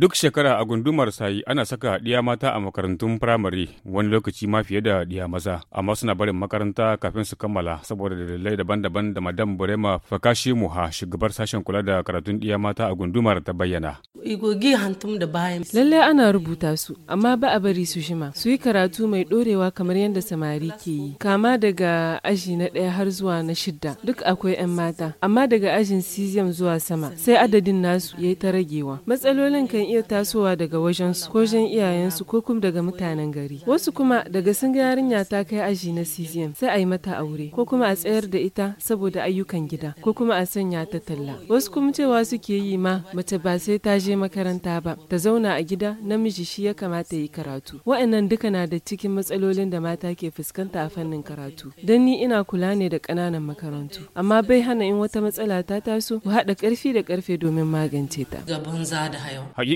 Duk shekara a gundumar sayi ana saka ɗiya mata a makarantun firamare wani lokaci ma fiye da ɗiya maza, amma suna barin makaranta kafin su kammala saboda dalilai daban-daban da Madam Burema Fakashi Muha shugabar sashen kula da karatun ɗiya mata a gundumar ta bayyana. Lallai ana rubuta su, amma ba a bari su shima. Su yi karatu mai ɗorewa kamar yadda samari ke yi. Kama daga aji na ɗaya har zuwa na shidda duk akwai 'yan mata, amma daga ajin sizium zuwa sama sai adadin nasu ya yi ta ragewa. Matsalolin kan iya tasowa daga wajen su. ko wajen iyayensu ko kuma daga mutanen gari. Wasu kuma daga sun ga yarinya ta kai aji na CZM sai a yi mata aure ko kuma a tsayar da ita saboda ayyukan gida ko kuma a sanya ta talla. Wasu kuma cewa suke yi ma mace ba sai ta je makaranta ba ta zauna a gida namiji shi ya kamata yi karatu. Wa'annan duka na da cikin matsalolin da mata ke fuskanta a fannin karatu. Don ni ina kula ne da ƙananan makarantu amma bai hana in wata matsala ta taso ku haɗa ƙarfi da ƙarfe domin magance ta.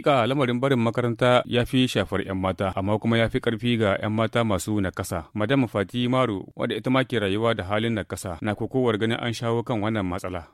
Hakika lamarin barin makaranta ya fi shafar 'yan mata, amma kuma ya fi ƙarfi ga 'yan mata masu nakasa. Madam Fati Maru, wadda ita ma ke rayuwa da halin nakasa, na kokowar ganin an shawo kan wannan matsala.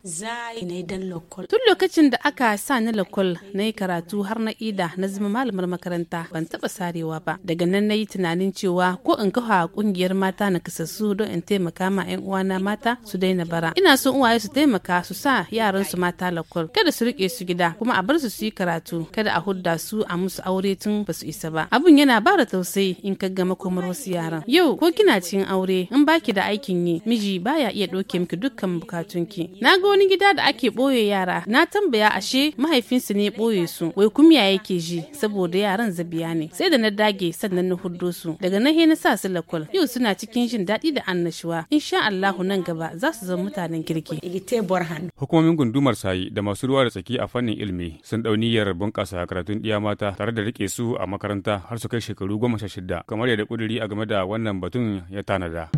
Tun lokacin da aka sa ni lokol na yi karatu har na ida na zama malamar makaranta ban taɓa sarewa ba. Daga nan na yi tunanin cewa ko in kafa ƙungiyar mata na nakasassu don in taimaka ma 'yan uwana mata su daina bara. Ina son uwaye su taimaka su sa yaran su mata lokol. Kada su rike su gida kuma a bar su su yi karatu. Kada a a su a musu aure tun ba su isa ba abun yana ba da tausayi in ka ga makomar wasu yaran yau ko kina cikin aure in baki da aikin yi miji baya iya ɗauke miki dukkan bukatun ki. na ga wani gida da ake ɓoye yara na tambaya ashe mahaifinsu ne ɓoye su wai kumiya yake ji saboda yaran zabiya ne sai da na dage sannan na huddo su daga na na sa su lakwal yau suna cikin jin daɗi da annashuwa insha Allahu nan gaba za su zama mutanen kirki hukumomin gundumar sayi da masu ruwa da tsaki a fannin ilimi sun ɗau niyyar bunƙasa karatun ɗiya mata tare da rike su a makaranta har su kai shekaru goma sha shida kamar yadda ƙuduri a game da wannan batun ya tanada.